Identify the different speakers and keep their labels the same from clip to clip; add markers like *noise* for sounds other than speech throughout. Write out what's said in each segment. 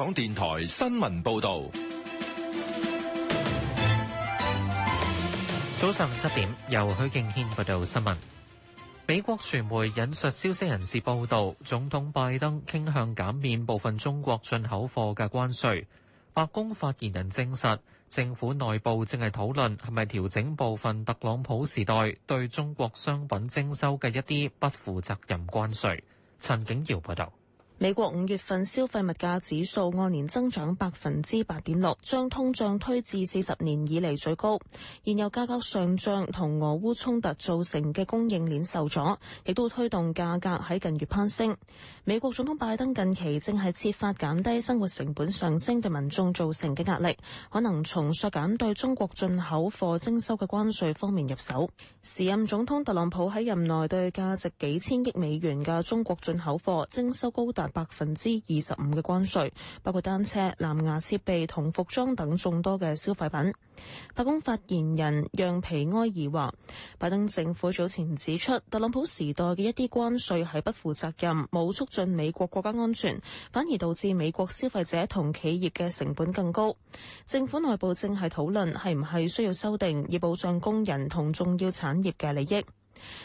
Speaker 1: 香港電台新聞報道，
Speaker 2: 早上七點由許敬軒報道新聞。美國傳媒引述消息人士報道，總統拜登傾向減免部分中國進口貨嘅關稅。白宮發言人證實，政府內部正係討論係咪調整部分特朗普時代對中國商品徵收嘅一啲不負責任關稅。陳景瑤報道。
Speaker 3: 美國五月份消費物價指數按年增長百分之八點六，將通脹推至四十年以嚟最高。現有價格上漲同俄烏衝突造成嘅供應鏈受阻，亦都推動價格喺近月攀升。美國總統拜登近期正係設法減低生活成本上升對民眾造成嘅壓力，可能從削減對中國進口貨徵收嘅關稅方面入手。時任總統特朗普喺任內對價值幾千億美元嘅中國進口貨徵收高達。百分之二十五嘅關稅，包括單車、藍牙設備同服裝等眾多嘅消費品。白宮發言人讓皮埃爾話，拜登政府早前指出，特朗普時代嘅一啲關稅係不負責任，冇促進美國國家安全，反而導致美國消費者同企業嘅成本更高。政府內部正係討論係唔係需要修訂，以保障工人同重要產業嘅利益。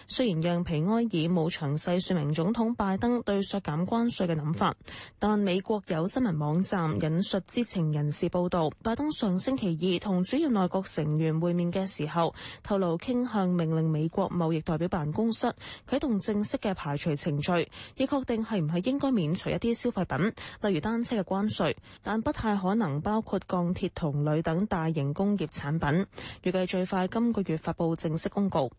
Speaker 3: 雖然讓皮埃爾冇詳細說明總統拜登對削減關稅嘅諗法，但美國有新聞網站引述知情人士報道，拜登上星期二同主要內閣成員會面嘅時候，透露傾向命令美國貿易代表辦公室啟動正式嘅排除程序，以確定係唔係應該免除一啲消費品，例如單車嘅關稅，但不太可能包括鋼鐵同鋁等大型工業產品，預計最快今個月發布正式公告。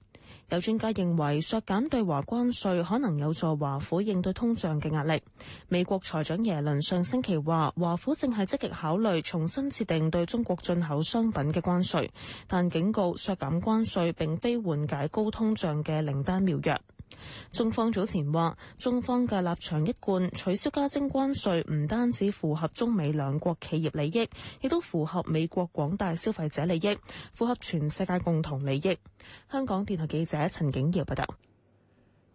Speaker 3: 有專家。他認為削減對華關稅可能有助華府應對通脹嘅壓力。美國財長耶倫上星期話，華府正係積極考慮重新設定對中國進口商品嘅關稅，但警告削減關稅並非緩解高通脹嘅靈丹妙藥。中方早前話，中方嘅立場一貫，取消加徵關稅，唔單止符合中美兩國企業利益，亦都符合美國廣大消費者利益，符合全世界共同利益。香港電台記者陳景瑤報道。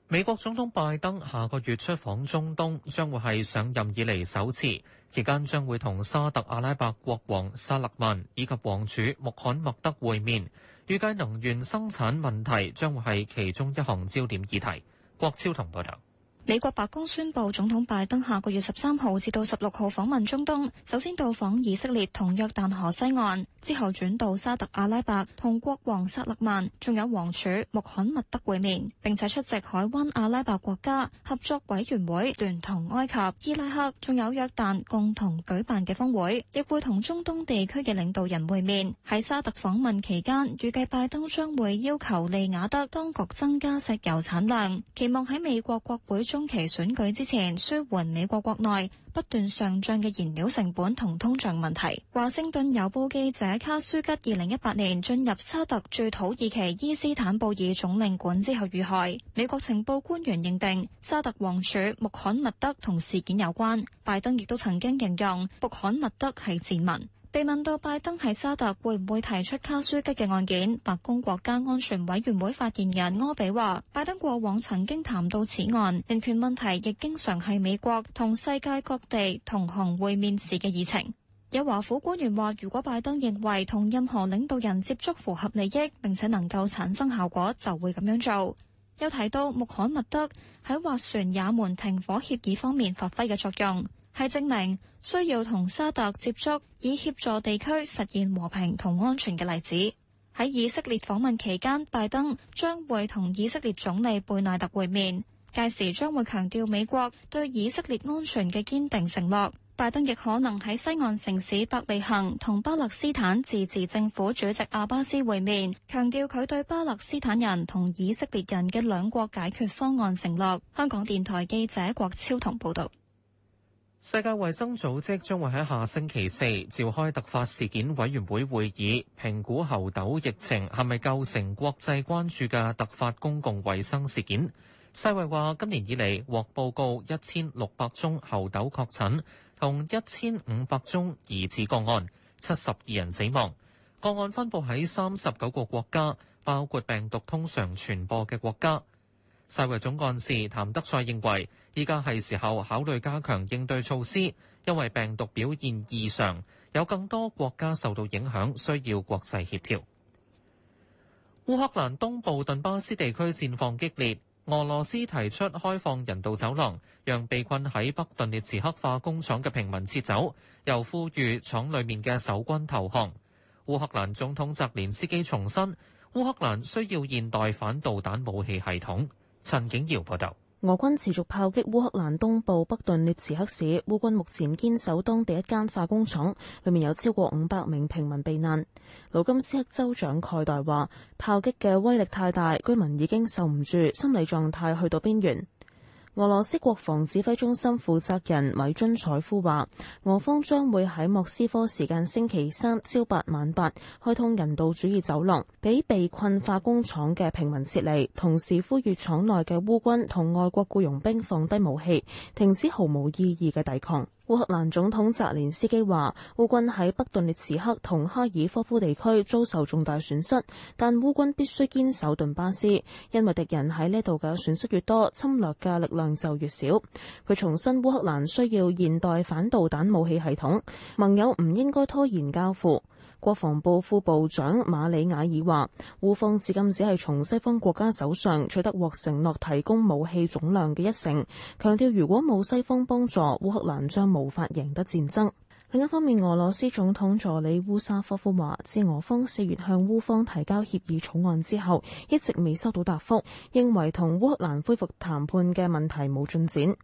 Speaker 3: 美國總統拜
Speaker 2: 登下個月出訪中東，將會係上任以嚟首次，期間將會同沙特阿拉伯國王沙勒曼以及王儲穆罕默德會面。預計能源生產問題將會係其中一項焦點議題。郭超同報道。
Speaker 4: 美國白宮宣布，總統拜登下個月十三號至到十六號訪問中東，首先到訪以色列同約旦河西岸，之後轉到沙特阿拉伯同國王薩勒曼，仲有王儲穆罕默德會面，並且出席海灣阿拉伯國家合作委員會聯同埃及、伊拉克仲有約旦共同舉辦嘅峰會，亦會同中東地區嘅領導人會面。喺沙特訪問期間，預計拜登將會要求利雅得當局增加石油產量，期望喺美國國會，中期選舉之前，舒緩美國國內不斷上漲嘅燃料成本同通脹問題。華盛頓郵報記者卡舒吉二零一八年進入沙特駐土耳其伊斯坦布爾總領館之後遇害，美國情報官員認定沙特王儲穆罕默德同事件有關，拜登亦都曾經形容穆罕默德係賤民。被問到拜登喺沙特會唔會提出卡舒吉嘅案件，白宮國家安全委員會發言人柯比話：拜登過往曾經談到此案，人權問題亦經常係美國同世界各地同行會面時嘅議程。有華府官員話：如果拜登認為同任何領導人接觸符合利益並且能夠產生效果，就會咁樣做。又提到穆罕默德喺斡旋也門停火協議方面發揮嘅作用。係證明需要同沙特接觸，以協助地區實現和平同安全嘅例子。喺以色列訪問期間，拜登將會同以色列總理貝奈特會面，屆時將會強調美國對以色列安全嘅堅定承諾。拜登亦可能喺西岸城市伯利恆同巴勒斯坦自治政府主席阿巴斯會面，強調佢對巴勒斯坦人同以色列人嘅兩國解決方案承諾。香港電台記者郭超彤報道。
Speaker 2: 世界衛生組織將會喺下星期四召開突發事件委員會會議，評估猴痘疫情係咪構成國際關注嘅突發公共衛生事件。世衞話，今年以嚟獲報告一千六百宗猴痘確診，同一千五百宗疑似個案，七十二人死亡。個案分佈喺三十九個國家，包括病毒通常傳播嘅國家。世衞總幹事譚德塞認為。依家係時候考慮加強應對措施，因為病毒表現異常，有更多國家受到影響，需要國際協調。烏克蘭東部頓巴斯地區戰況激烈，俄羅斯提出開放人道走廊，讓被困喺北頓涅茨克化工廠嘅平民撤走，又呼籲廠裡面嘅守軍投降。烏克蘭總統澤連斯基重申，烏克蘭需要現代反導彈武器系統。陳景耀報道。
Speaker 3: 俄軍持續炮擊烏克蘭東部北頓涅茨克市，烏軍目前堅守當地一間化工廠，裏面有超過五百名平民避難。盧甘斯克州長蓋代話：炮擊嘅威力太大，居民已經受唔住，心理狀態去到邊緣。俄羅斯國防指揮中心負責人米津采夫話：俄方將會喺莫斯科時間星期三朝八晚八開通人道主義走廊，俾被,被困化工廠嘅平民撤離，同時呼籲廠內嘅烏軍同外國雇傭兵放低武器，停止毫無意義嘅抵抗。烏克蘭總統澤連斯基話：烏軍喺北頓涅茨克同哈爾科夫地區遭受重大損失，但烏軍必須堅守頓巴斯，因為敵人喺呢度嘅損失越多，侵略嘅力量就越少。佢重申烏克蘭需要現代反導彈武器系統，盟友唔應該拖延交付。國防部副部長馬里亞爾話：烏方至今只係從西方國家手上取得獲承諾提供武器總量嘅一成，強調如果冇西方幫助，烏克蘭將無法贏得戰爭。另一方面，俄羅斯總統助理烏沙科夫話，自俄方四月向烏方提交協議草案之後，一直未收到答覆，認為同烏克蘭恢復談判嘅問題冇進展。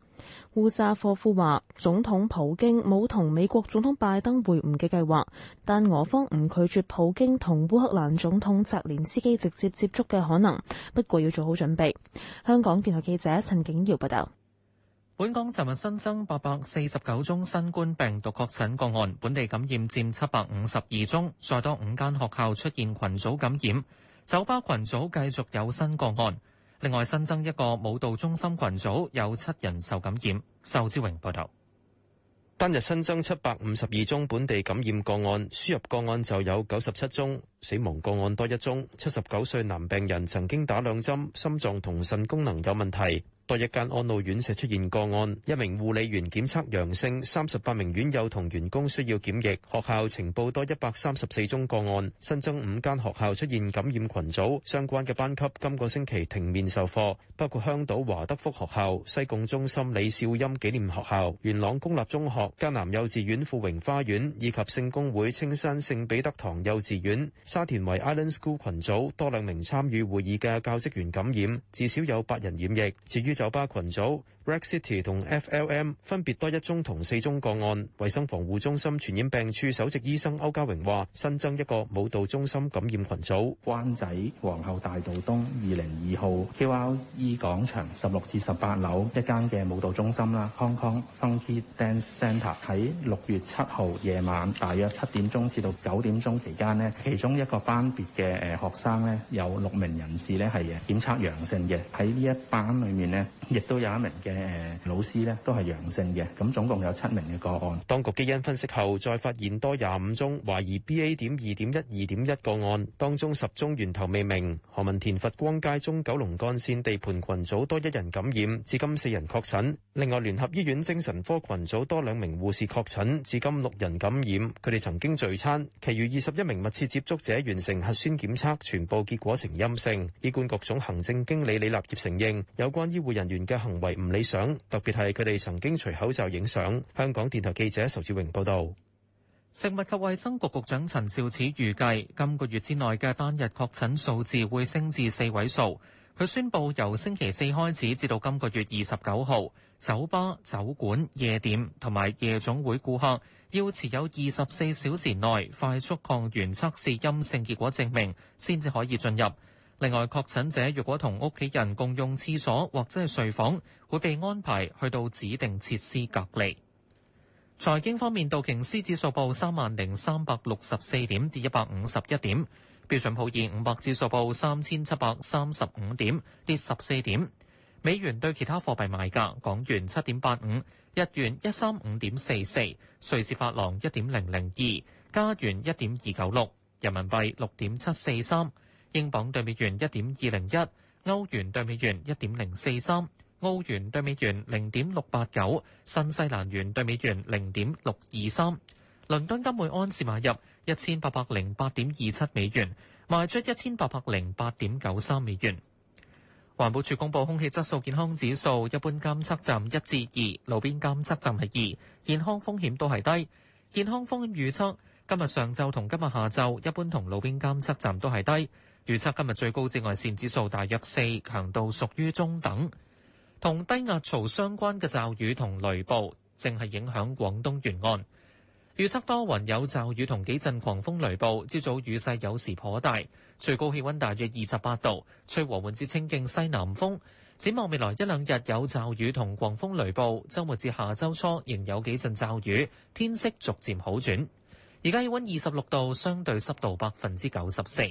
Speaker 3: 烏沙科夫話：總統普京冇同美國總統拜登會晤嘅計劃，但俄方唔拒絕普京同烏克蘭總統澤連斯基直接接觸嘅可能，不過要做好準備。香港電台記者陳景堯報道：
Speaker 2: 本港尋日新增八百四十九宗新冠病毒確診個案，本地感染佔七百五十二宗，再多五間學校出現群組感染，酒吧群組繼續有新個案。另外新增一個舞蹈中心群組，
Speaker 1: 有七人受感染。仇志榮報道，單日新增七百五十二宗本地感染個案，輸入個案就有九十七宗，死亡個案多一宗。七十九歲男病人曾經打兩針，心臟同腎功能有問題。多日間安老院舍出現個案，一名護理員檢測陽性，三十八名院友同員工需要檢疫。學校呈報多一百三十四宗個案，新增五間學校出現感染群組，相關嘅班級今個星期停面授課，包括香島華德福學校、西貢中心李少音紀念學校、元朗公立中學、迦南幼稚園富榮花園以及聖公會青山聖彼得堂幼稚園。沙田圍 Island School 群組多兩名參與會議嘅教職員感染，至少有八人染疫。至於酒吧群組。Brexit y 同 FLM 分別多一宗同四宗個案。衛生防護中心傳染病處首席醫生歐家榮話，新增一個舞蹈中心感染群組，灣仔皇后大道東二零二號 QLE 廣場十六至十八樓
Speaker 2: 一間嘅舞蹈中心啦，Hong Kong Funky Dance Centre 喺六月七號夜晚大約七點鐘至到九點鐘期間呢，其中一個班別嘅誒學生咧有六名人士咧係檢測陽性嘅，喺呢一班裏面咧亦都有一名嘅。誒，老師咧都係陽性嘅，咁總共有七名嘅個案。
Speaker 1: 當局基因分析後，再發現多廿五宗懷疑 B A 點二點一二點一個案，當中十宗源頭未明。何文田佛光街中九龍幹綫地盤群組多一人感染，至今四人確診。另外，聯合醫院精神科群組多兩名護士確診，至今六人感染。佢哋曾經聚餐，其餘二十一名密切接觸者完成核酸檢測，全部結果呈陰性。醫管局總行政經理李立業承認，有關醫護人員嘅行為唔理想特別係佢哋曾經除口罩影相。香港電台記者仇志榮報導。食物及衛生局局長陳肇始預計今個月
Speaker 2: 之內嘅單日確診數字會升至四位數。佢宣布由星期四開始至到今個月二十九號，酒吧、酒館、夜店同埋夜總會顧客要持有二十四小時內快速抗原測試陰性結果證明，先至可以進入。另外，確診者如果同屋企人共用廁所或者係睡房，會被安排去到指定設施隔離。 *noise* 財經方面，道瓊斯指數報三萬零三百六十四點，跌一百五十一點；標準普爾五百指數報三千七百三十五點，跌十四點。美元對其他貨幣賣價：港元七點八五，日元一三五點四四，瑞士法郎一點零零二，加元一點二九六，人民幣六點七四三。英鎊兌美元一點二零一，歐元兌美元一點零四三，澳元兌美元零點六八九，新西蘭元兌美元零點六二三。倫敦金每安士買入一千八百零八點二七美元，賣出一千八百零八點九三美元。環保署公布空氣質素健康指數，一般監測站一至二，路邊監測站係二，健康風險都係低。健康風險預測今日上晝同今日下晝，一般同路邊監測站都係低。預測今日最高紫外線指數大約四，強度屬於中等。同低壓槽相關嘅驟雨同雷暴，正係影響廣東沿岸。預測多雲有驟雨同幾陣狂風雷暴，朝早雨勢有時頗大。最高氣溫大約二十八度，吹和緩至清勁西南風。展望未來一兩日有驟雨同狂風雷暴，周末至下周初仍有幾陣驟雨，天色逐漸好轉。而家氣溫二十六度，相對濕度百分之九十四。